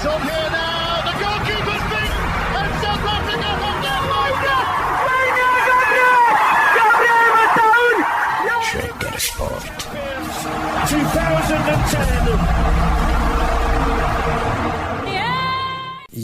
It's on here.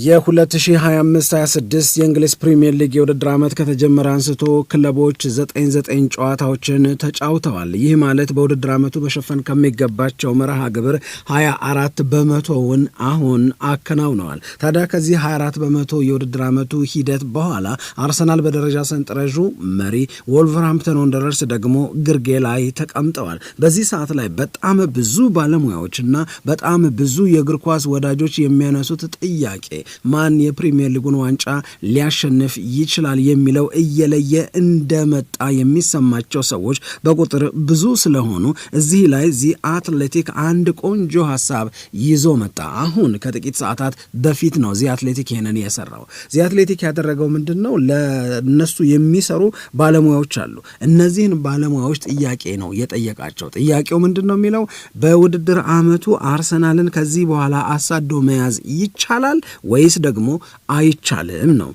የ2025/26 የእንግሊዝ ፕሪምየር ሊግ የውድድር ዓመት ከተጀመረ አንስቶ ክለቦች 99 ጨዋታዎችን ተጫውተዋል። ይህ ማለት በውድድር ዓመቱ መሸፈን ከሚገባቸው መርሃ ግብር 24 በመቶውን አሁን አከናውነዋል። ታዲያ ከዚህ 24 በመቶ የውድድር ዓመቱ ሂደት በኋላ አርሰናል በደረጃ ሰንጠረዡ መሪ፣ ወልቨርሃምፕተን ወንደረርስ ደግሞ ግርጌ ላይ ተቀምጠዋል። በዚህ ሰዓት ላይ በጣም ብዙ ባለሙያዎችና በጣም ብዙ የእግር ኳስ ወዳጆች የሚያነሱት ጥያቄ ማን የፕሪምየር ሊጉን ዋንጫ ሊያሸንፍ ይችላል የሚለው እየለየ እንደመጣ የሚሰማቸው ሰዎች በቁጥር ብዙ ስለሆኑ እዚህ ላይ ዚ አትሌቲክ አንድ ቆንጆ ሀሳብ ይዞ መጣ። አሁን ከጥቂት ሰዓታት በፊት ነው ዚ አትሌቲክ ይህንን የሰራው። ዚ አትሌቲክ ያደረገው ምንድን ነው? ለእነሱ የሚሰሩ ባለሙያዎች አሉ። እነዚህን ባለሙያዎች ጥያቄ ነው የጠየቃቸው። ጥያቄው ምንድን ነው የሚለው በውድድር አመቱ አርሰናልን ከዚህ በኋላ አሳዶ መያዝ ይቻላል ወይ ወይስ ደግሞ አይቻልም ነው?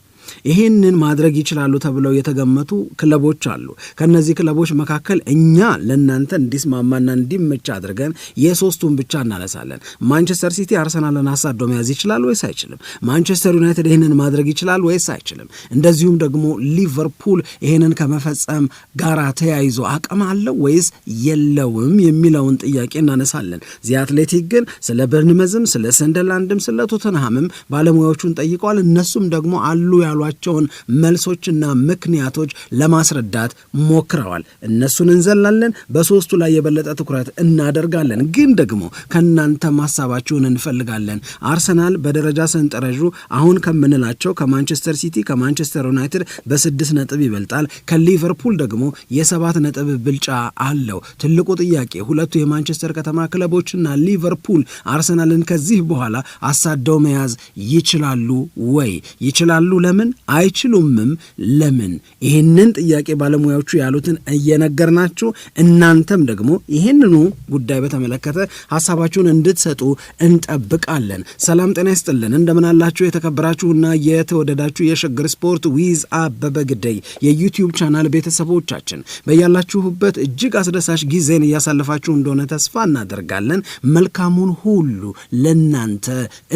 ይህንን ማድረግ ይችላሉ ተብለው የተገመቱ ክለቦች አሉ። ከነዚህ ክለቦች መካከል እኛ ለእናንተ እንዲስማማና እንዲመቻ አድርገን የሶስቱን ብቻ እናነሳለን። ማንቸስተር ሲቲ አርሰናልን አሳዶ መያዝ ይችላል ወይስ አይችልም? ማንቸስተር ዩናይትድ ይህንን ማድረግ ይችላል ወይስ አይችልም? እንደዚሁም ደግሞ ሊቨርፑል ይህንን ከመፈጸም ጋር ተያይዞ አቅም አለው ወይስ የለውም የሚለውን ጥያቄ እናነሳለን። ዚ አትሌቲክ ግን ስለ በርንመዝም ስለ ሰንደርላንድም ስለ ቶተንሃምም ባለሙያዎቹን ጠይቀዋል። እነሱም ደግሞ አሉ ያሉ ያሏቸውን መልሶችና ምክንያቶች ለማስረዳት ሞክረዋል። እነሱን እንዘላለን፣ በሶስቱ ላይ የበለጠ ትኩረት እናደርጋለን። ግን ደግሞ ከእናንተ ማሳባችሁን እንፈልጋለን። አርሰናል በደረጃ ሰንጠረዡ አሁን ከምንላቸው ከማንቸስተር ሲቲ፣ ከማንቸስተር ዩናይትድ በስድስት ነጥብ ይበልጣል። ከሊቨርፑል ደግሞ የሰባት ነጥብ ብልጫ አለው። ትልቁ ጥያቄ ሁለቱ የማንቸስተር ከተማ ክለቦችና ሊቨርፑል አርሰናልን ከዚህ በኋላ አሳደው መያዝ ይችላሉ ወይ? ይችላሉ። ለምን አይችሉምም። ለምን? ይህንን ጥያቄ ባለሙያዎቹ ያሉትን እየነገርናችሁ እናንተም ደግሞ ይህንኑ ጉዳይ በተመለከተ ሀሳባችሁን እንድትሰጡ እንጠብቃለን። ሰላም ጤና ይስጥልን። እንደምናላችሁ የተከበራችሁና የተወደዳችሁ የሽግር ስፖርት ዊዝ አበበ ግደይ የዩቲዩብ ቻናል ቤተሰቦቻችን በያላችሁበት እጅግ አስደሳች ጊዜን እያሳለፋችሁ እንደሆነ ተስፋ እናደርጋለን። መልካሙን ሁሉ ለናንተ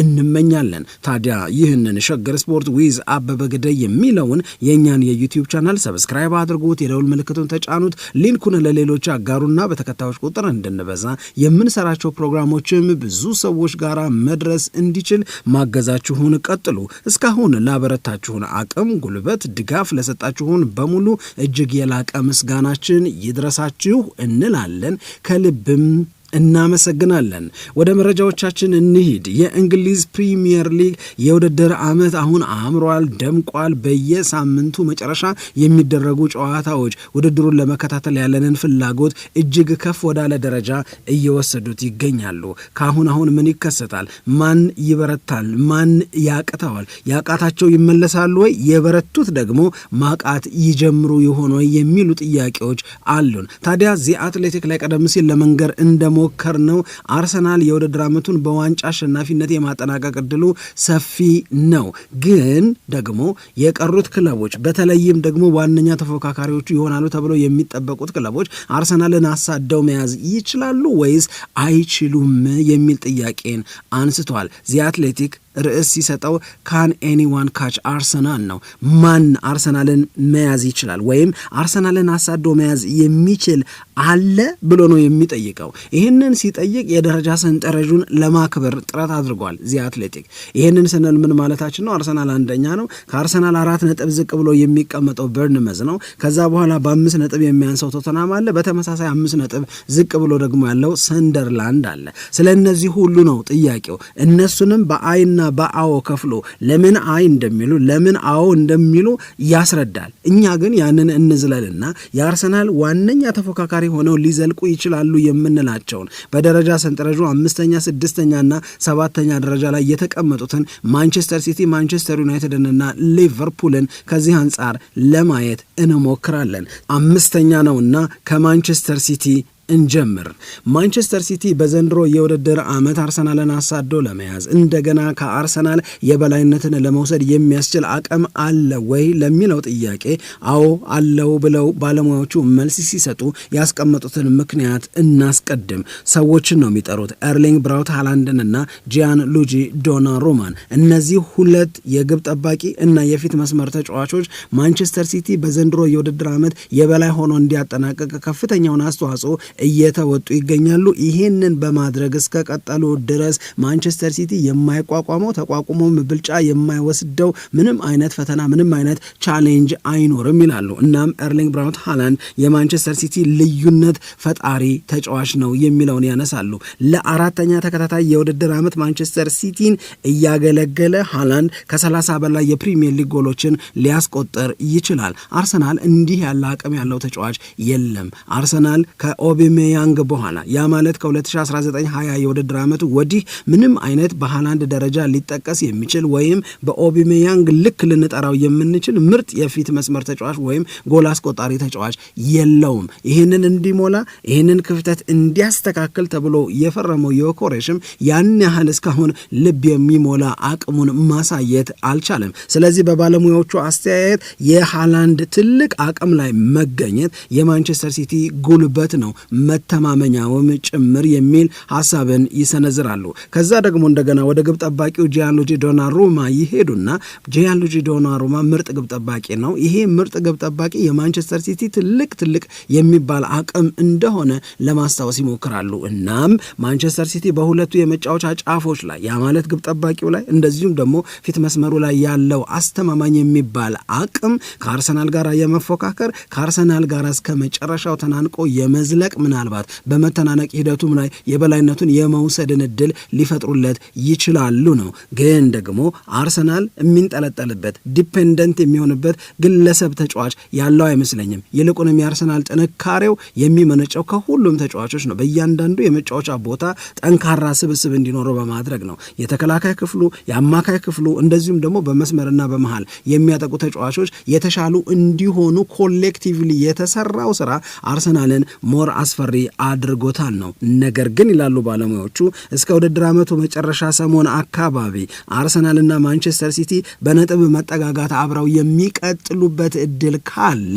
እንመኛለን። ታዲያ ይህንን ሸግር ስፖርት ዊዝ አበበ በግደይ የሚለውን የእኛን የዩቲዩብ ቻናል ሰብስክራይብ አድርጉት፣ የደውል ምልክቱን ተጫኑት፣ ሊንኩን ለሌሎች አጋሩና በተከታዮች ቁጥር እንድንበዛ የምንሰራቸው ፕሮግራሞችም ብዙ ሰዎች ጋር መድረስ እንዲችል ማገዛችሁን ቀጥሉ። እስካሁን ላበረታችሁን አቅም፣ ጉልበት፣ ድጋፍ ለሰጣችሁን በሙሉ እጅግ የላቀ ምስጋናችን ይድረሳችሁ እንላለን ከልብም እናመሰግናለን። ወደ መረጃዎቻችን እንሂድ። የእንግሊዝ ፕሪሚየር ሊግ የውድድር ዓመት አሁን አምሯል፣ ደምቋል። በየሳምንቱ መጨረሻ የሚደረጉ ጨዋታዎች ውድድሩን ለመከታተል ያለንን ፍላጎት እጅግ ከፍ ወዳለ ደረጃ እየወሰዱት ይገኛሉ። ከአሁን አሁን ምን ይከሰታል? ማን ይበረታል? ማን ያቅተዋል? ያቃታቸው ይመለሳሉ ወይ? የበረቱት ደግሞ ማቃት ይጀምሩ ይሆን ወይ የሚሉ ጥያቄዎች አሉን። ታዲያ ዚ አትሌቲክ ላይ ቀደም ሲል ለመንገር እንደሞ ሞከር ነው። አርሰናል የውድድር ዓመቱን በዋንጫ አሸናፊነት የማጠናቀቅ እድሉ ሰፊ ነው። ግን ደግሞ የቀሩት ክለቦች በተለይም ደግሞ ዋነኛ ተፎካካሪዎቹ ይሆናሉ ተብለው የሚጠበቁት ክለቦች አርሰናልን አሳደው መያዝ ይችላሉ ወይስ አይችሉም የሚል ጥያቄን አንስቷል። ዚ አትሌቲክ ርዕስ ሲሰጠው ካን ኤኒዋን ካች አርሰናል ነው። ማን አርሰናልን መያዝ ይችላል ወይም አርሰናልን አሳዶ መያዝ የሚችል አለ ብሎ ነው የሚጠይቀው። ይህንን ሲጠይቅ የደረጃ ሰንጠረዡን ለማክበር ጥረት አድርጓል። ዚ አትሌቲክ ይህንን ስንል ምን ማለታችን ነው? አርሰናል አንደኛ ነው። ከአርሰናል አራት ነጥብ ዝቅ ብሎ የሚቀመጠው በርንመዝ ነው። ከዛ በኋላ በአምስት ነጥብ የሚያንሰው ቶተናም አለ። በተመሳሳይ አምስት ነጥብ ዝቅ ብሎ ደግሞ ያለው ሰንደርላንድ አለ። ስለ እነዚህ ሁሉ ነው ጥያቄው። እነሱንም በአይና በአዎ ከፍሎ ለምን አይ እንደሚሉ ለምን አዎ እንደሚሉ ያስረዳል። እኛ ግን ያንን እንዝለልና የአርሰናል ዋነኛ ተፎካካሪ ሆነው ሊዘልቁ ይችላሉ የምንላቸውን በደረጃ ሰንጠረዡ አምስተኛ፣ ስድስተኛና ሰባተኛ ደረጃ ላይ የተቀመጡትን ማንቸስተር ሲቲ፣ ማንቸስተር ዩናይትድንና ሊቨርፑልን ከዚህ አንጻር ለማየት እንሞክራለን። አምስተኛ ነውና ከማንቸስተር ሲቲ እንጀምር። ማንቸስተር ሲቲ በዘንድሮ የውድድር ዓመት አርሰናልን አሳዶ ለመያዝ እንደገና ከአርሰናል የበላይነትን ለመውሰድ የሚያስችል አቅም አለ ወይ ለሚለው ጥያቄ አዎ አለው ብለው ባለሙያዎቹ መልስ ሲሰጡ ያስቀመጡትን ምክንያት እናስቀድም። ሰዎችን ነው የሚጠሩት፣ ኤርሊንግ ብራውት ሃላንድን እና ጂያን ሉጂ ዶና ሩማን። እነዚህ ሁለት የግብ ጠባቂ እና የፊት መስመር ተጫዋቾች ማንቸስተር ሲቲ በዘንድሮ የውድድር ዓመት የበላይ ሆኖ እንዲያጠናቅቅ ከፍተኛውን አስተዋጽኦ እየተወጡ ይገኛሉ። ይህንን በማድረግ እስከ ቀጠሉ ድረስ ማንቸስተር ሲቲ የማይቋቋመው ተቋቁሞም ብልጫ የማይወስደው ምንም አይነት ፈተና ምንም አይነት ቻሌንጅ አይኖርም ይላሉ። እናም ኤርሊንግ ብራውት ሃላንድ የማንቸስተር ሲቲ ልዩነት ፈጣሪ ተጫዋች ነው የሚለውን ያነሳሉ። ለአራተኛ ተከታታይ የውድድር ዓመት ማንቸስተር ሲቲን እያገለገለ ሃላንድ ከ30 በላይ የፕሪሚየር ሊግ ጎሎችን ሊያስቆጥር ይችላል። አርሰናል እንዲህ ያለ አቅም ያለው ተጫዋች የለም። አርሰናል ከኦቢ ከኦቤሜያንግ በኋላ ያ ማለት ከ2019/20 የውድድር ዓመቱ ወዲህ ምንም አይነት በሃላንድ ደረጃ ሊጠቀስ የሚችል ወይም በኦቤሜያንግ ልክ ልንጠራው የምንችል ምርጥ የፊት መስመር ተጫዋች ወይም ጎል አስቆጣሪ ተጫዋች የለውም። ይህንን እንዲሞላ ይህንን ክፍተት እንዲያስተካክል ተብሎ የፈረመው የኮሬሽም ያን ያህል እስካሁን ልብ የሚሞላ አቅሙን ማሳየት አልቻለም። ስለዚህ በባለሙያዎቹ አስተያየት የሃላንድ ትልቅ አቅም ላይ መገኘት የማንቸስተር ሲቲ ጉልበት ነው መተማመኛውም ጭምር የሚል ሀሳብን ይሰነዝራሉ። ከዛ ደግሞ እንደገና ወደ ግብ ጠባቂው ጂያንሉጂ ዶናሩማ ይሄዱና ጂያንሉጂ ዶናሩማ ምርጥ ግብ ጠባቂ ነው። ይሄ ምርጥ ግብ ጠባቂ የማንቸስተር ሲቲ ትልቅ ትልቅ የሚባል አቅም እንደሆነ ለማስታወስ ይሞክራሉ። እናም ማንቸስተር ሲቲ በሁለቱ የመጫወቻ ጫፎች ላይ ያ ማለት ግብ ጠባቂው ላይ እንደዚሁም ደግሞ ፊት መስመሩ ላይ ያለው አስተማማኝ የሚባል አቅም ከአርሰናል ጋር የመፎካከር ከአርሰናል ጋር እስከ መጨረሻው ተናንቆ የመዝለቅ ምናልባት በመተናነቅ ሂደቱም ላይ የበላይነቱን የመውሰድን እድል ሊፈጥሩለት ይችላሉ ነው። ግን ደግሞ አርሰናል የሚንጠለጠልበት ዲፔንደንት የሚሆንበት ግለሰብ ተጫዋች ያለው አይመስለኝም። ይልቁንም የአርሰናል ጥንካሬው የሚመነጨው ከሁሉም ተጫዋቾች ነው። በእያንዳንዱ የመጫወቻ ቦታ ጠንካራ ስብስብ እንዲኖረው በማድረግ ነው። የተከላካይ ክፍሉ፣ የአማካይ ክፍሉ እንደዚሁም ደግሞ በመስመርና በመሃል የሚያጠቁ ተጫዋቾች የተሻሉ እንዲሆኑ ኮሌክቲቭሊ የተሰራው ስራ አርሰናልን ሞር አስ አስፈሪ አድርጎታል ነው። ነገር ግን ይላሉ ባለሙያዎቹ እስከ ውድድር ዓመቱ መጨረሻ ሰሞን አካባቢ አርሰናልና ማንቸስተር ሲቲ በነጥብ መጠጋጋት አብረው የሚቀጥሉበት እድል ካለ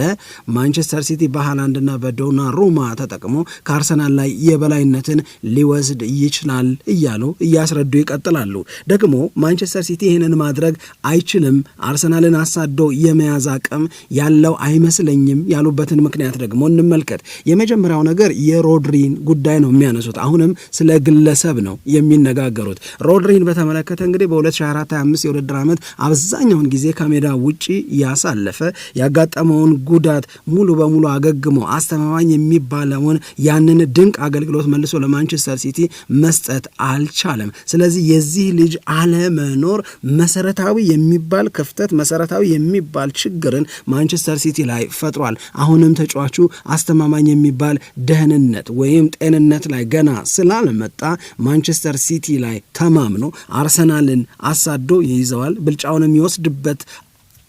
ማንቸስተር ሲቲ በሃላንድና በዶና ሩማ ተጠቅሞ ከአርሰናል ላይ የበላይነትን ሊወስድ ይችላል እያሉ እያስረዱ ይቀጥላሉ። ደግሞ ማንቸስተር ሲቲ ይህንን ማድረግ አይችልም፣ አርሰናልን አሳዶ የመያዝ አቅም ያለው አይመስለኝም ያሉበትን ምክንያት ደግሞ እንመልከት። የመጀመሪያው ነገር ነገር የሮድሪን ጉዳይ ነው የሚያነሱት። አሁንም ስለ ግለሰብ ነው የሚነጋገሩት። ሮድሪን በተመለከተ እንግዲህ በ2024/25 የውድድር ዓመት አብዛኛውን ጊዜ ከሜዳ ውጪ ያሳለፈ ያጋጠመውን ጉዳት ሙሉ በሙሉ አገግሞ አስተማማኝ የሚባለውን ያንን ድንቅ አገልግሎት መልሶ ለማንቸስተር ሲቲ መስጠት አልቻለም። ስለዚህ የዚህ ልጅ አለመኖር መሰረታዊ የሚባል ክፍተት መሰረታዊ የሚባል ችግርን ማንቸስተር ሲቲ ላይ ፈጥሯል። አሁንም ተጫዋቹ አስተማማኝ የሚባል ደህንነት ወይም ጤንነት ላይ ገና ስላልመጣ ማንቸስተር ሲቲ ላይ ተማምኖ አርሰናልን አሳዶ ይይዘዋል። ብልጫውን የሚወስድበት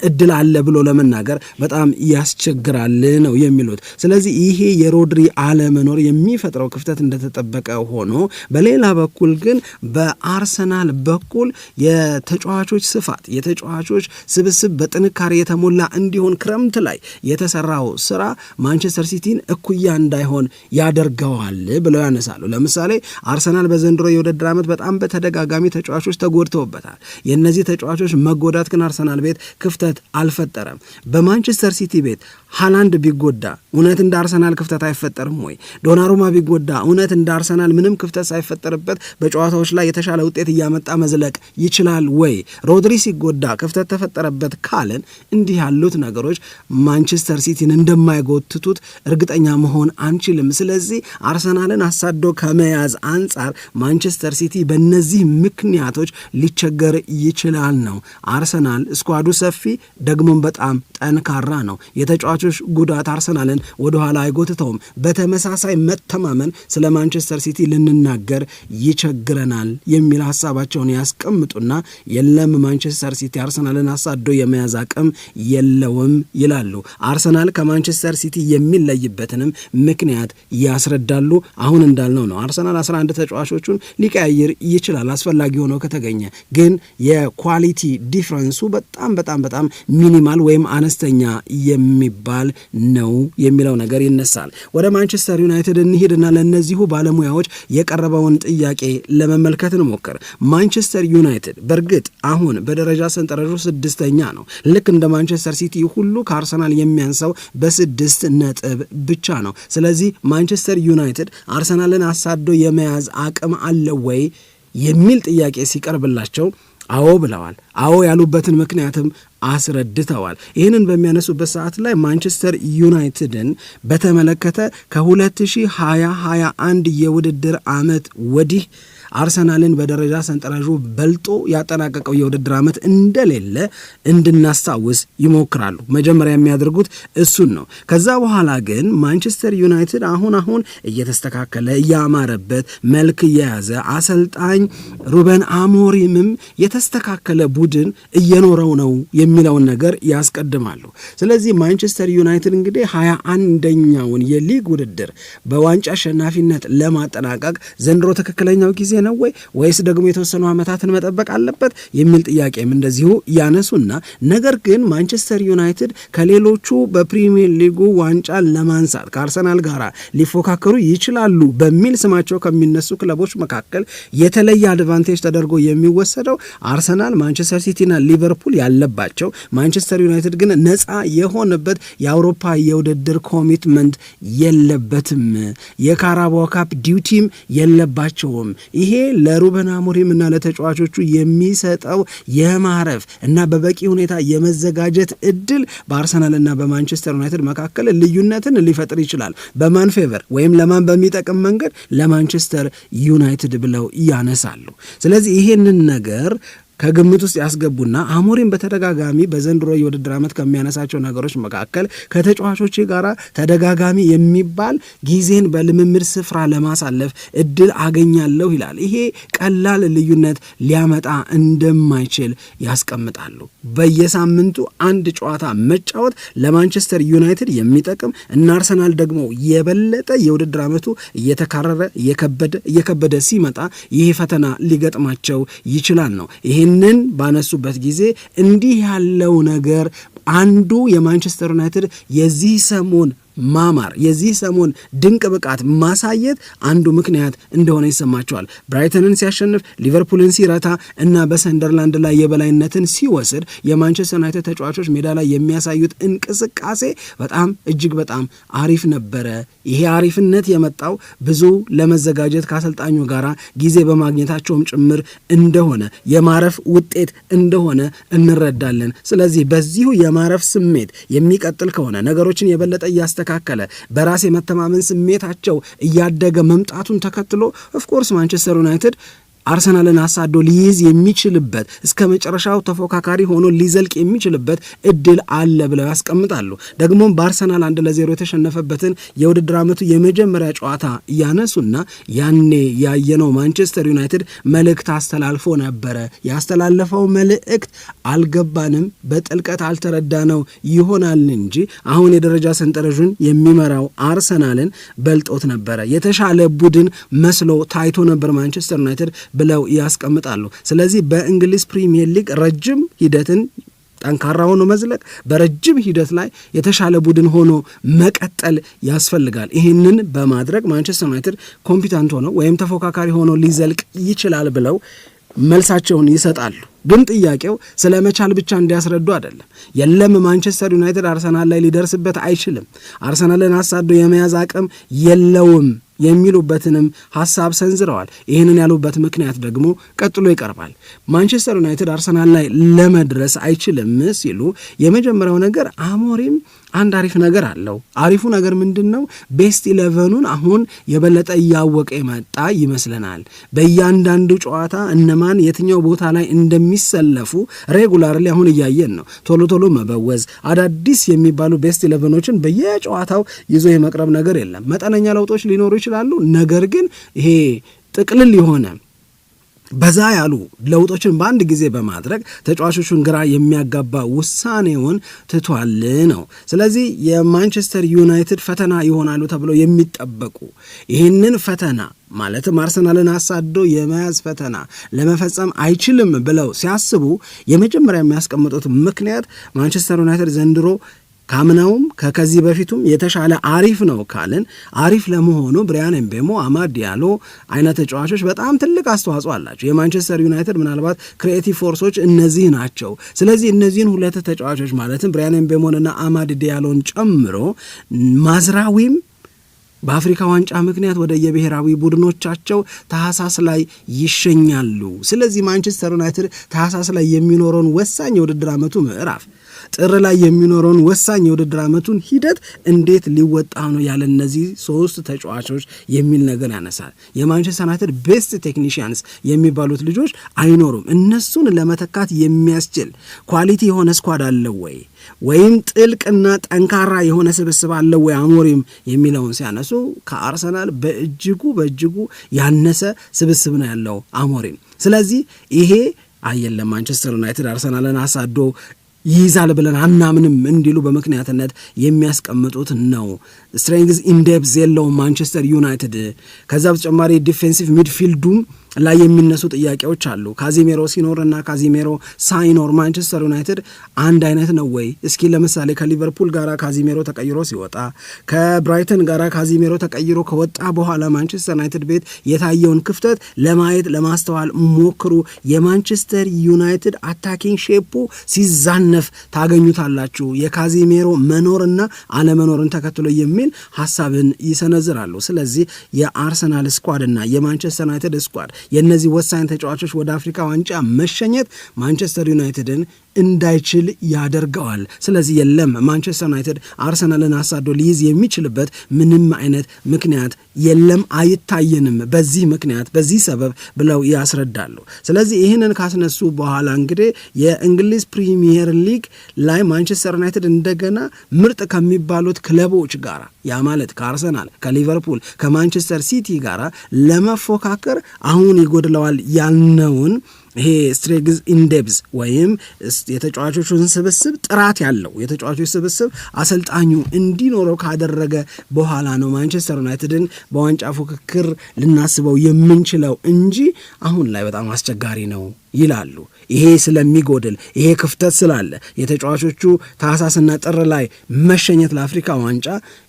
እድል አለ ብሎ ለመናገር በጣም ያስቸግራል ነው የሚሉት። ስለዚህ ይሄ የሮድሪ አለመኖር የሚፈጥረው ክፍተት እንደተጠበቀ ሆኖ በሌላ በኩል ግን በአርሰናል በኩል የተጫዋቾች ስፋት የተጫዋቾች ስብስብ በጥንካሬ የተሞላ እንዲሆን ክረምት ላይ የተሰራው ስራ ማንቸስተር ሲቲን እኩያ እንዳይሆን ያደርገዋል ብለው ያነሳሉ። ለምሳሌ አርሰናል በዘንድሮ የውድድር ዓመት በጣም በተደጋጋሚ ተጫዋቾች ተጎድተውበታል። የእነዚህ ተጫዋቾች መጎዳት ግን አርሰናል ቤት ክፍተት ክፍተት አልፈጠረም። በማንቸስተር ሲቲ ቤት ሃላንድ ቢጎዳ እውነት እንደ አርሰናል ክፍተት አይፈጠርም ወይ? ዶናሩማ ቢጎዳ እውነት እንደ አርሰናል ምንም ክፍተት ሳይፈጠርበት በጨዋታዎች ላይ የተሻለ ውጤት እያመጣ መዝለቅ ይችላል ወይ? ሮድሪ ሲጎዳ ክፍተት ተፈጠረበት ካለን እንዲህ ያሉት ነገሮች ማንቸስተር ሲቲን እንደማይጎትቱት እርግጠኛ መሆን አንችልም። ስለዚህ አርሰናልን አሳዶ ከመያዝ አንጻር ማንቸስተር ሲቲ በእነዚህ ምክንያቶች ሊቸገር ይችላል ነው። አርሰናል ስኳዱ ሰፊ ደግሞም በጣም ጠንካራ ነው። የተጫዋ ተጫዋቾች ጉዳት አርሰናልን ወደኋላ አይጎትተውም። በተመሳሳይ መተማመን ስለ ማንቸስተር ሲቲ ልንናገር ይቸግረናል የሚል ሀሳባቸውን ያስቀምጡና የለም ማንቸስተር ሲቲ አርሰናልን አሳዶ የመያዝ አቅም የለውም ይላሉ። አርሰናል ከማንቸስተር ሲቲ የሚለይበትንም ምክንያት ያስረዳሉ። አሁን እንዳልነው ነው። አርሰናል 11 ተጫዋቾቹን ሊቀያይር ይችላል አስፈላጊ ሆኖ ከተገኘ ግን የኳሊቲ ዲፍረንሱ በጣም በጣም በጣም ሚኒማል ወይም አነስተኛ የሚባል የሚባል ነው የሚለው ነገር ይነሳል። ወደ ማንቸስተር ዩናይትድ እንሄድና ለእነዚሁ ባለሙያዎች የቀረበውን ጥያቄ ለመመልከት እንሞክር። ማንቸስተር ዩናይትድ በእርግጥ አሁን በደረጃ ሰንጠረዡ ስድስተኛ ነው። ልክ እንደ ማንቸስተር ሲቲ ሁሉ ከአርሰናል የሚያንሰው በስድስት ነጥብ ብቻ ነው። ስለዚህ ማንቸስተር ዩናይትድ አርሰናልን አሳዶ የመያዝ አቅም አለው ወይ የሚል ጥያቄ ሲቀርብላቸው አዎ ብለዋል። አዎ ያሉበትን ምክንያትም አስረድተዋል። ይህንን በሚያነሱበት ሰዓት ላይ ማንቸስተር ዩናይትድን በተመለከተ ከ2020 21 የውድድር ዓመት ወዲህ አርሰናልን በደረጃ ሰንጠረዡ በልጦ ያጠናቀቀው የውድድር ዓመት እንደሌለ እንድናስታውስ ይሞክራሉ። መጀመሪያ የሚያደርጉት እሱን ነው። ከዛ በኋላ ግን ማንቸስተር ዩናይትድ አሁን አሁን እየተስተካከለ እያማረበት መልክ እየያዘ አሰልጣኝ ሩበን አሞሪምም የተስተካከለ ቡድን እየኖረው ነው የሚለውን ነገር ያስቀድማሉ። ስለዚህ ማንቸስተር ዩናይትድ እንግዲህ ሀያ አንደኛውን የሊግ ውድድር በዋንጫ አሸናፊነት ለማጠናቀቅ ዘንድሮ ትክክለኛው ጊዜ ነው ወይ ወይስ ደግሞ የተወሰኑ ዓመታትን መጠበቅ አለበት የሚል ጥያቄም እንደዚሁ ያነሱና ነገር ግን ማንቸስተር ዩናይትድ ከሌሎቹ በፕሪሚየር ሊጉ ዋንጫ ለማንሳት ከአርሰናል ጋር ሊፎካከሩ ይችላሉ በሚል ስማቸው ከሚነሱ ክለቦች መካከል የተለየ አድቫንቴጅ ተደርጎ የሚወሰደው አርሰናል፣ ማንቸስተር ሲቲና ሊቨርፑል ያለባቸው ማንቸስተር ዩናይትድ ግን ነፃ የሆነበት የአውሮፓ የውድድር ኮሚትመንት የለበትም። የካራባው ካፕ ዲዩቲም የለባቸውም። ይሄ ለሩበን አሞሪም እና ለተጫዋቾቹ የሚሰጠው የማረፍ እና በበቂ ሁኔታ የመዘጋጀት እድል በአርሰናል እና በማንቸስተር ዩናይትድ መካከል ልዩነትን ሊፈጥር ይችላል። በማን ፌቨር ወይም ለማን በሚጠቅም መንገድ ለማንቸስተር ዩናይትድ ብለው ያነሳሉ። ስለዚህ ይሄንን ነገር ከግምት ውስጥ ያስገቡና አሞሪም በተደጋጋሚ በዘንድሮ የውድድር ዓመት ከሚያነሳቸው ነገሮች መካከል ከተጫዋቾች ጋር ተደጋጋሚ የሚባል ጊዜን በልምምድ ስፍራ ለማሳለፍ እድል አገኛለሁ ይላል። ይሄ ቀላል ልዩነት ሊያመጣ እንደማይችል ያስቀምጣሉ። በየሳምንቱ አንድ ጨዋታ መጫወት ለማንቸስተር ዩናይትድ የሚጠቅም እና አርሰናል ደግሞ የበለጠ የውድድር ዓመቱ እየተካረረ እየከበደ እየከበደ ሲመጣ ይሄ ፈተና ሊገጥማቸው ይችላል ነው ይሄ ይህንን ባነሱበት ጊዜ እንዲህ ያለው ነገር አንዱ የማንቸስተር ዩናይትድ የዚህ ሰሞን ማማር የዚህ ሰሞን ድንቅ ብቃት ማሳየት አንዱ ምክንያት እንደሆነ ይሰማቸዋል። ብራይተንን ሲያሸንፍ፣ ሊቨርፑልን ሲረታ እና በሰንደርላንድ ላይ የበላይነትን ሲወስድ የማንቸስተር ዩናይትድ ተጫዋቾች ሜዳ ላይ የሚያሳዩት እንቅስቃሴ በጣም እጅግ በጣም አሪፍ ነበረ። ይሄ አሪፍነት የመጣው ብዙ ለመዘጋጀት ከአሰልጣኙ ጋራ ጊዜ በማግኘታቸውም ጭምር እንደሆነ የማረፍ ውጤት እንደሆነ እንረዳለን። ስለዚህ በዚሁ የማረፍ ስሜት የሚቀጥል ከሆነ ነገሮችን የበለጠ እያስተ እየተስተካከለ በራስ የመተማመን ስሜታቸው እያደገ መምጣቱን ተከትሎ ኦፍኮርስ ማንቸስተር ዩናይትድ አርሰናልን አሳዶ ሊይዝ የሚችልበት እስከ መጨረሻው ተፎካካሪ ሆኖ ሊዘልቅ የሚችልበት እድል አለ ብለው ያስቀምጣሉ። ደግሞም በአርሰናል አንድ ለዜሮ የተሸነፈበትን የውድድር ዓመቱ የመጀመሪያ ጨዋታ እያነሱና ያኔ ያየነው ማንቸስተር ዩናይትድ መልእክት አስተላልፎ ነበረ። ያስተላለፈው መልእክት አልገባንም፣ በጥልቀት አልተረዳነው ይሆናል እንጂ አሁን የደረጃ ሰንጠረዥን የሚመራው አርሰናልን በልጦት ነበረ። የተሻለ ቡድን መስሎ ታይቶ ነበር ማንቸስተር ዩናይትድ ብለው ያስቀምጣሉ። ስለዚህ በእንግሊዝ ፕሪሚየር ሊግ ረጅም ሂደትን ጠንካራ ሆኖ መዝለቅ በረጅም ሂደት ላይ የተሻለ ቡድን ሆኖ መቀጠል ያስፈልጋል። ይህንን በማድረግ ማንቸስተር ዩናይትድ ኮምፒታንት ሆኖ ወይም ተፎካካሪ ሆኖ ሊዘልቅ ይችላል ብለው መልሳቸውን ይሰጣሉ። ግን ጥያቄው ስለ መቻል ብቻ እንዲያስረዱ አይደለም። የለም ማንቸስተር ዩናይትድ አርሰናል ላይ ሊደርስበት አይችልም፣ አርሰናልን አሳዶ የመያዝ አቅም የለውም የሚሉበትንም ሀሳብ ሰንዝረዋል። ይህንን ያሉበት ምክንያት ደግሞ ቀጥሎ ይቀርባል። ማንቸስተር ዩናይትድ አርሰናል ላይ ለመድረስ አይችልም ሲሉ የመጀመሪያው ነገር አሞሪም አንድ አሪፍ ነገር አለው። አሪፉ ነገር ምንድን ነው? ቤስት ኢለቨኑን አሁን የበለጠ እያወቀ የመጣ ይመስለናል። በእያንዳንዱ ጨዋታ እነማን የትኛው ቦታ ላይ እንደሚሰለፉ ሬጉላርሊ አሁን እያየን ነው። ቶሎ ቶሎ መበወዝ፣ አዳዲስ የሚባሉ ቤስት ኢለቨኖችን በየጨዋታው ይዞ የመቅረብ ነገር የለም። መጠነኛ ለውጦች ሊኖሩ ይችላሉ። ነገር ግን ይሄ ጥቅልል የሆነ በዛ ያሉ ለውጦችን በአንድ ጊዜ በማድረግ ተጫዋቾቹን ግራ የሚያጋባ ውሳኔውን ትቷል ነው። ስለዚህ የማንቸስተር ዩናይትድ ፈተና ይሆናሉ ተብለው የሚጠበቁ ይህንን ፈተና ማለትም አርሰናልን አሳዶ የመያዝ ፈተና ለመፈጸም አይችልም ብለው ሲያስቡ የመጀመሪያ የሚያስቀምጡት ምክንያት ማንቸስተር ዩናይትድ ዘንድሮ ካምናውም ከከዚህ በፊቱም የተሻለ አሪፍ ነው ካልን አሪፍ ለመሆኑ ብሪያን ኤምቤሞ፣ አማድ ዲያሎ አይነት ተጫዋቾች በጣም ትልቅ አስተዋጽኦ አላቸው። የማንቸስተር ዩናይትድ ምናልባት ክሪኤቲቭ ፎርሶች እነዚህ ናቸው። ስለዚህ እነዚህን ሁለት ተጫዋቾች ማለትም ብሪያን ኤምቤሞንና አማድ ዲያሎን ጨምሮ ማዝራዊም በአፍሪካ ዋንጫ ምክንያት ወደ የብሔራዊ ቡድኖቻቸው ታህሳስ ላይ ይሸኛሉ። ስለዚህ ማንቸስተር ዩናይትድ ታህሳስ ላይ የሚኖረውን ወሳኝ የውድድር ዓመቱ ምዕራፍ ጥር ላይ የሚኖረውን ወሳኝ የውድድር ዓመቱን ሂደት እንዴት ሊወጣ ነው ያለ እነዚህ ሶስት ተጫዋቾች የሚል ነገር ያነሳል። የማንቸስተር ዩናይትድ ቤስት ቴክኒሽያንስ የሚባሉት ልጆች አይኖሩም። እነሱን ለመተካት የሚያስችል ኳሊቲ የሆነ ስኳድ አለው ወይ ወይም ጥልቅና ጠንካራ የሆነ ስብስብ አለው ወይ አሞሪም የሚለውን ሲያነሱ ከአርሰናል በእጅጉ በእጅጉ ያነሰ ስብስብ ነው ያለው አሞሪም። ስለዚህ ይሄ አየለም ማንቸስተር ዩናይትድ አርሰናልን አሳዶ ይይዛል ብለን አናምንም እንዲሉ በምክንያትነት የሚያስቀምጡት ነው። ስትሬንግዝ ኢንዴፕዝ የለውም ማንቸስተር ዩናይትድ። ከዛ በተጨማሪ ዲፌንሲቭ ሚድፊልዱም ላይ የሚነሱ ጥያቄዎች አሉ። ካዚሜሮ ሲኖር እና ካዚሜሮ ሳይኖር ማንቸስተር ዩናይትድ አንድ አይነት ነው ወይ? እስኪ ለምሳሌ ከሊቨርፑል ጋር ካዚሜሮ ተቀይሮ ሲወጣ፣ ከብራይተን ጋር ካዚሜሮ ተቀይሮ ከወጣ በኋላ ማንቸስተር ዩናይትድ ቤት የታየውን ክፍተት ለማየት ለማስተዋል ሞክሩ። የማንቸስተር ዩናይትድ አታኪንግ ሼፑ ሲዛነፍ ታገኙታላችሁ። የካዚሜሮ መኖርና አለመኖርን ተከትሎ የሚል ሀሳብን ይሰነዝራሉ። ስለዚህ የአርሰናል ስኳድ እና የማንቸስተር ዩናይትድ ስኳድ የእነዚህ ወሳኝ ተጫዋቾች ወደ አፍሪካ ዋንጫ መሸኘት ማንቸስተር ዩናይትድን እንዳይችል ያደርገዋል። ስለዚህ የለም ማንቸስተር ዩናይትድ አርሰናልን አሳዶ ሊይዝ የሚችልበት ምንም አይነት ምክንያት የለም፣ አይታየንም በዚህ ምክንያት በዚህ ሰበብ ብለው ያስረዳሉ። ስለዚህ ይህንን ካስነሱ በኋላ እንግዲህ የእንግሊዝ ፕሪሚየር ሊግ ላይ ማንቸስተር ዩናይትድ እንደገና ምርጥ ከሚባሉት ክለቦች ጋር ያ ማለት ከአርሰናል፣ ከሊቨርፑል፣ ከማንቸስተር ሲቲ ጋር ለመፎካከር አሁን ይጎድለዋል ያልነውን ይሄ ስትሬግዝ ኢንደብዝ ወይም የተጫዋቾቹን ስብስብ ጥራት ያለው የተጫዋቾች ስብስብ አሰልጣኙ እንዲኖረው ካደረገ በኋላ ነው ማንቸስተር ዩናይትድን በዋንጫ ፉክክር ልናስበው የምንችለው እንጂ አሁን ላይ በጣም አስቸጋሪ ነው ይላሉ። ይሄ ስለሚጎድል ይሄ ክፍተት ስላለ የተጫዋቾቹ ታህሳስና ጥር ላይ መሸኘት ለአፍሪካ ዋንጫ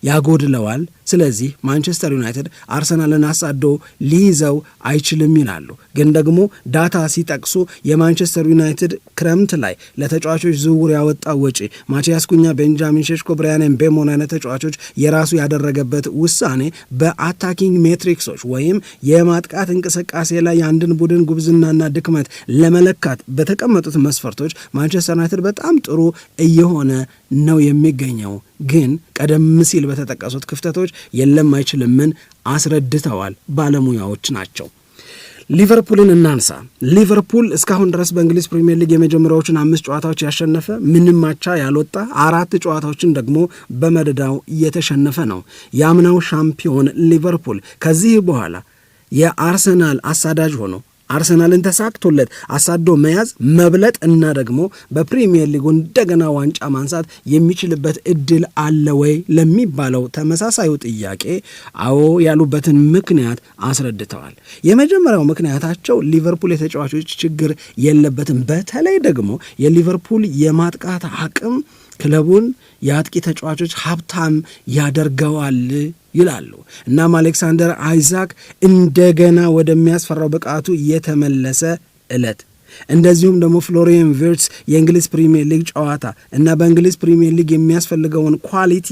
ያጎድለዋል። ስለዚህ ማንቸስተር ዩናይትድ አርሰናልን አሳዶ ሊይዘው አይችልም ይላሉ። ግን ደግሞ ዳታ ሲጠቅሱ የማንቸስተር ዩናይትድ ክረምት ላይ ለተጫዋቾች ዝውውር ያወጣው ወጪ ማቲያስ ኩኛ፣ ቤንጃሚን ሸሽኮ፣ ብራያን ምቤሞን አይነት ተጫዋቾች የራሱ ያደረገበት ውሳኔ በአታኪንግ ሜትሪክሶች ወይም የማጥቃት እንቅስቃሴ ላይ የአንድን ቡድን ጉብዝናና ድክመት ለመለካት በተቀመጡት መስፈርቶች ማንቸስተር ዩናይትድ በጣም ጥሩ እየሆነ ነው የሚገኘው። ግን ቀደም ሲል በተጠቀሱት ክፍተቶች የለም አይችልምን አስረድተዋል ባለሙያዎች ናቸው። ሊቨርፑልን እናንሳ። ሊቨርፑል እስካሁን ድረስ በእንግሊዝ ፕሪምየር ሊግ የመጀመሪያዎቹን አምስት ጨዋታዎች ያሸነፈ ምንም አቻ ያልወጣ፣ አራት ጨዋታዎችን ደግሞ በመደዳው የተሸነፈ ነው። የአምናው ሻምፒዮን ሊቨርፑል ከዚህ በኋላ የአርሰናል አሳዳጅ ሆኖ አርሰናልን ተሳክቶለት አሳዶ መያዝ መብለጥ እና ደግሞ በፕሪሚየር ሊጉ እንደገና ዋንጫ ማንሳት የሚችልበት እድል አለ ወይ ለሚባለው ተመሳሳዩ ጥያቄ አዎ ያሉበትን ምክንያት አስረድተዋል። የመጀመሪያው ምክንያታቸው ሊቨርፑል የተጫዋቾች ችግር የለበትም። በተለይ ደግሞ የሊቨርፑል የማጥቃት አቅም ክለቡን የአጥቂ ተጫዋቾች ሀብታም ያደርገዋል ይላሉ። እናም አሌክሳንደር አይዛክ እንደገና ወደሚያስፈራው ብቃቱ የተመለሰ ዕለት እንደዚሁም ደግሞ ፍሎሪየን ቪርትስ የእንግሊዝ ፕሪምየር ሊግ ጨዋታ እና በእንግሊዝ ፕሪምየር ሊግ የሚያስፈልገውን ኳሊቲ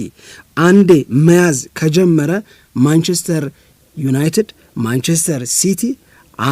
አንዴ መያዝ ከጀመረ ማንቸስተር ዩናይትድ፣ ማንቸስተር ሲቲ፣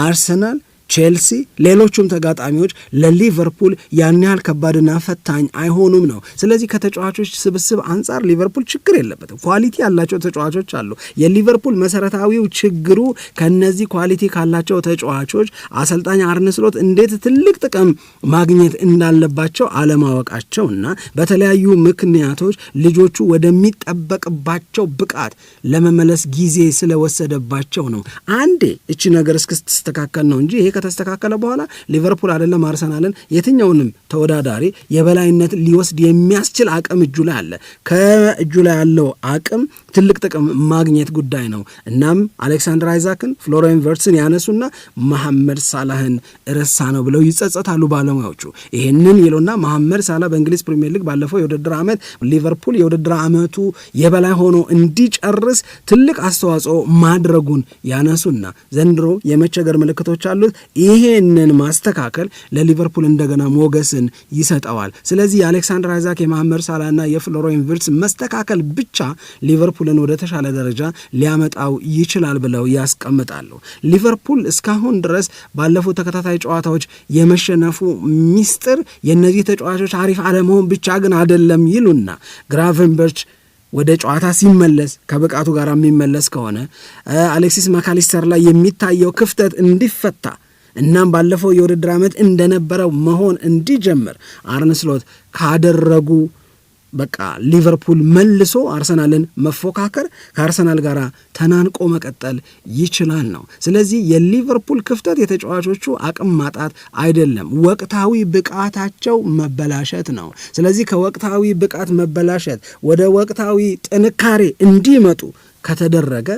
አርሰናል ቼልሲ፣ ሌሎቹም ተጋጣሚዎች ለሊቨርፑል ያን ያህል ከባድና ፈታኝ አይሆኑም ነው። ስለዚህ ከተጫዋቾች ስብስብ አንጻር ሊቨርፑል ችግር የለበትም። ኳሊቲ ያላቸው ተጫዋቾች አሉ። የሊቨርፑል መሰረታዊው ችግሩ ከነዚህ ኳሊቲ ካላቸው ተጫዋቾች አሰልጣኝ አርነ ስሎት እንዴት ትልቅ ጥቅም ማግኘት እንዳለባቸው አለማወቃቸው እና በተለያዩ ምክንያቶች ልጆቹ ወደሚጠበቅባቸው ብቃት ለመመለስ ጊዜ ስለወሰደባቸው ነው። አንዴ እቺ ነገር እስክትስተካከል ነው እንጂ ከተስተካከለ በኋላ ሊቨርፑል አደለም አርሰናልን የትኛውንም ተወዳዳሪ የበላይነት ሊወስድ የሚያስችል አቅም እጁ ላይ አለ። ከእጁ ላይ ያለው አቅም ትልቅ ጥቅም ማግኘት ጉዳይ ነው። እናም አሌክሳንደር አይዛክን፣ ፍሎሬን ቨርትስን ያነሱና መሐመድ ሳላህን ረሳ ነው ብለው ይጸጸታሉ ባለሙያዎቹ። ይህንን ይሉና መሐመድ ሳላ በእንግሊዝ ፕሪምየር ሊግ ባለፈው የውድድር ዓመት ሊቨርፑል የውድድር ዓመቱ የበላይ ሆኖ እንዲጨርስ ትልቅ አስተዋጽኦ ማድረጉን ያነሱና ዘንድሮ የመቸገር ምልክቶች አሉት፣ ይሄንን ማስተካከል ለሊቨርፑል እንደገና ሞገስን ይሰጠዋል። ስለዚህ የአሌክሳንደር አይዛክ የመሐመድ ሳላህና የፍሎሪያን ቨርትስ መስተካከል ብቻ ሊቨርፑል ሊቨርፑልን ወደ ተሻለ ደረጃ ሊያመጣው ይችላል ብለው ያስቀምጣሉ። ሊቨርፑል እስካሁን ድረስ ባለፉት ተከታታይ ጨዋታዎች የመሸነፉ ሚስጥር የእነዚህ ተጫዋቾች አሪፍ አለመሆን ብቻ ግን አይደለም ይሉና ግራቨንበርች ወደ ጨዋታ ሲመለስ ከብቃቱ ጋር የሚመለስ ከሆነ አሌክሲስ መካሊስተር ላይ የሚታየው ክፍተት እንዲፈታ እናም ባለፈው የውድድር ዓመት እንደነበረው መሆን እንዲጀምር አርነ ስሎት ካደረጉ በቃ ሊቨርፑል መልሶ አርሰናልን መፎካከር ከአርሰናል ጋር ተናንቆ መቀጠል ይችላል ነው። ስለዚህ የሊቨርፑል ክፍተት የተጫዋቾቹ አቅም ማጣት አይደለም፣ ወቅታዊ ብቃታቸው መበላሸት ነው። ስለዚህ ከወቅታዊ ብቃት መበላሸት ወደ ወቅታዊ ጥንካሬ እንዲመጡ ከተደረገ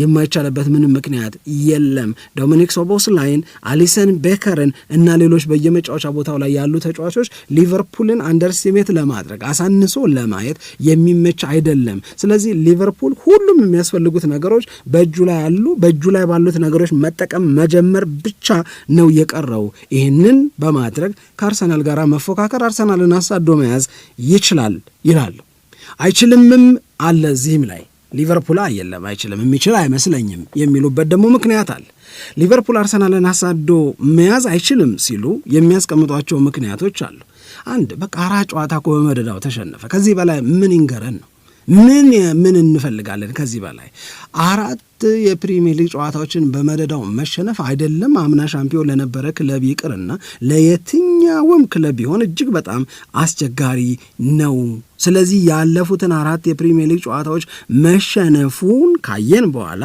የማይቻልበት ምንም ምክንያት የለም። ዶሚኒክ ሶቦስላይን፣ አሊሰን ቤከርን እና ሌሎች በየመጫወቻ ቦታው ላይ ያሉ ተጫዋቾች ሊቨርፑልን አንደርስቲሜት ለማድረግ አሳንሶ ለማየት የሚመች አይደለም። ስለዚህ ሊቨርፑል ሁሉም የሚያስፈልጉት ነገሮች በእጁ ላይ ያሉ በእጁ ላይ ባሉት ነገሮች መጠቀም መጀመር ብቻ ነው የቀረው። ይህንን በማድረግ ከአርሰናል ጋር መፎካከር፣ አርሰናልን አሳዶ መያዝ ይችላል ይላሉ። አይችልምም አለ እዚህም ላይ ሊቨርፑል የለም አይችልም የሚችል አይመስለኝም የሚሉበት ደግሞ ምክንያት አለ። ሊቨርፑል አርሰናልን አሳዶ መያዝ አይችልም ሲሉ የሚያስቀምጧቸው ምክንያቶች አሉ። አንድ በቃ አራ ጨዋታ እኮ በመደዳው ተሸነፈ። ከዚህ በላይ ምን ይንገረን ነው ምን ምን እንፈልጋለን ከዚህ በላይ አራት የፕሪሚየር ሊግ ጨዋታዎችን በመደዳው መሸነፍ አይደለም አምና ሻምፒዮን ለነበረ ክለብ ይቅርና ለየትኛውም ክለብ ቢሆን እጅግ በጣም አስቸጋሪ ነው። ስለዚህ ያለፉትን አራት የፕሪሚየር ሊግ ጨዋታዎች መሸነፉን ካየን በኋላ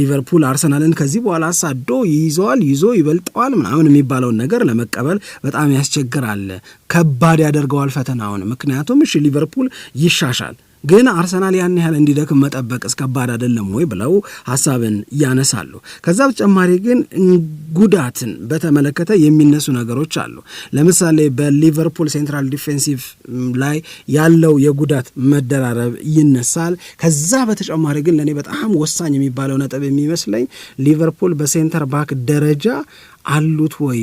ሊቨርፑል አርሰናልን ከዚህ በኋላ አሳዶ ይይዘዋል፣ ይዞ ይበልጠዋል ምናምን የሚባለውን ነገር ለመቀበል በጣም ያስቸግራል። ከባድ ያደርገዋል ፈተናውን። ምክንያቱም እሺ ሊቨርፑል ይሻሻል ግን አርሰናል ያን ያህል እንዲደክም መጠበቅ እስከባድ አይደለም ወይ ብለው ሀሳብን ያነሳሉ። ከዛ በተጨማሪ ግን ጉዳትን በተመለከተ የሚነሱ ነገሮች አሉ። ለምሳሌ በሊቨርፑል ሴንትራል ዲፌንሲቭ ላይ ያለው የጉዳት መደራረብ ይነሳል። ከዛ በተጨማሪ ግን ለእኔ በጣም ወሳኝ የሚባለው ነጥብ የሚመስለኝ ሊቨርፑል በሴንተር ባክ ደረጃ አሉት ወይ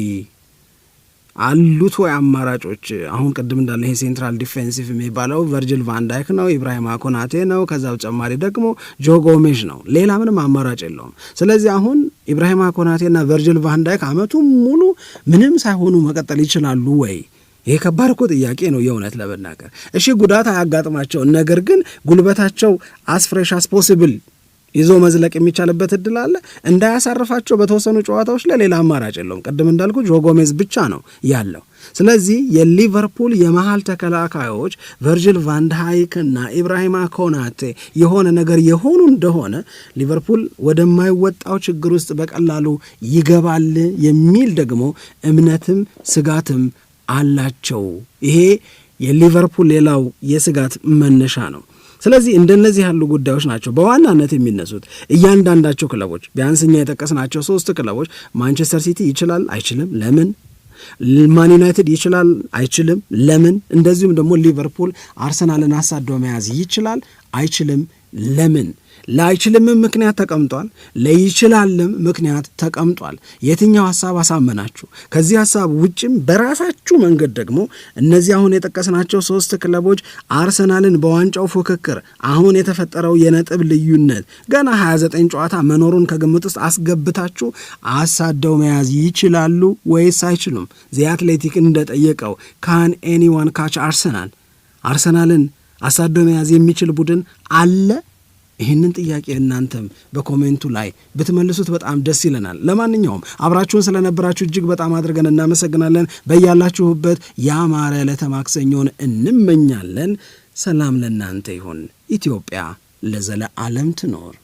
አሉት ወይ አማራጮች? አሁን ቅድም እንዳለ ይሄ ሴንትራል ዲፌንሲቭ የሚባለው ቨርጅል ቫንዳይክ ነው፣ ኢብራሂም አኮናቴ ነው፣ ከዛ በተጨማሪ ደግሞ ጆ ጎሜዥ ነው። ሌላ ምንም አማራጭ የለውም። ስለዚህ አሁን አኮናቴ ኮናቴና ቨርጅል ቫንዳይክ አመቱ ሙሉ ምንም ሳይሆኑ መቀጠል ይችላሉ ወይ? ይሄ ከባድ እኮ ጥያቄ ነው የእውነት ለመናገር። እሺ ጉዳት አያጋጥማቸው፣ ነገር ግን ጉልበታቸው አስፍሬሽ ፍሬሽ አስ ይዞ መዝለቅ የሚቻልበት እድል አለ። እንዳያሳርፋቸው በተወሰኑ ጨዋታዎች ላይ ሌላ አማራጭ የለውም። ቅድም እንዳልኩ ጆ ጎሜዝ ብቻ ነው ያለው። ስለዚህ የሊቨርፑል የመሀል ተከላካዮች ቨርጅል ቫንድሃይክ እና ኢብራሂማ ኮናቴ የሆነ ነገር የሆኑ እንደሆነ ሊቨርፑል ወደማይወጣው ችግር ውስጥ በቀላሉ ይገባል የሚል ደግሞ እምነትም ስጋትም አላቸው። ይሄ የሊቨርፑል ሌላው የስጋት መነሻ ነው። ስለዚህ እንደነዚህ ያሉ ጉዳዮች ናቸው በዋናነት የሚነሱት። እያንዳንዳቸው ክለቦች ቢያንስ እኛ የጠቀስናቸው ሶስት ክለቦች ማንቸስተር ሲቲ ይችላል አይችልም፣ ለምን? ማን ዩናይትድ ይችላል አይችልም፣ ለምን? እንደዚሁም ደግሞ ሊቨርፑል አርሰናልን አሳዶ መያዝ ይችላል አይችልም፣ ለምን? ላይችልም ምክንያት ተቀምጧል፣ ለይችላልም ምክንያት ተቀምጧል። የትኛው ሀሳብ አሳመናችሁ? ከዚህ ሀሳብ ውጭም በራሳችሁ መንገድ ደግሞ እነዚህ አሁን የጠቀስናቸው ሶስት ክለቦች አርሰናልን በዋንጫው ፉክክር አሁን የተፈጠረው የነጥብ ልዩነት ገና 29 ጨዋታ መኖሩን ከግምት ውስጥ አስገብታችሁ አሳደው መያዝ ይችላሉ ወይስ አይችሉም? ዚ አትሌቲክ እንደጠየቀው ካን ኤኒዋን ካች አርሰናል አርሰናልን አሳዶ መያዝ የሚችል ቡድን አለ ይህንን ጥያቄ እናንተም በኮሜንቱ ላይ ብትመልሱት በጣም ደስ ይለናል። ለማንኛውም አብራችሁን ስለነበራችሁ እጅግ በጣም አድርገን እናመሰግናለን። በያላችሁበት ያማረ ዕለተ ማክሰኞን እንመኛለን። ሰላም ለእናንተ ይሁን። ኢትዮጵያ ለዘለዓለም ትኖር።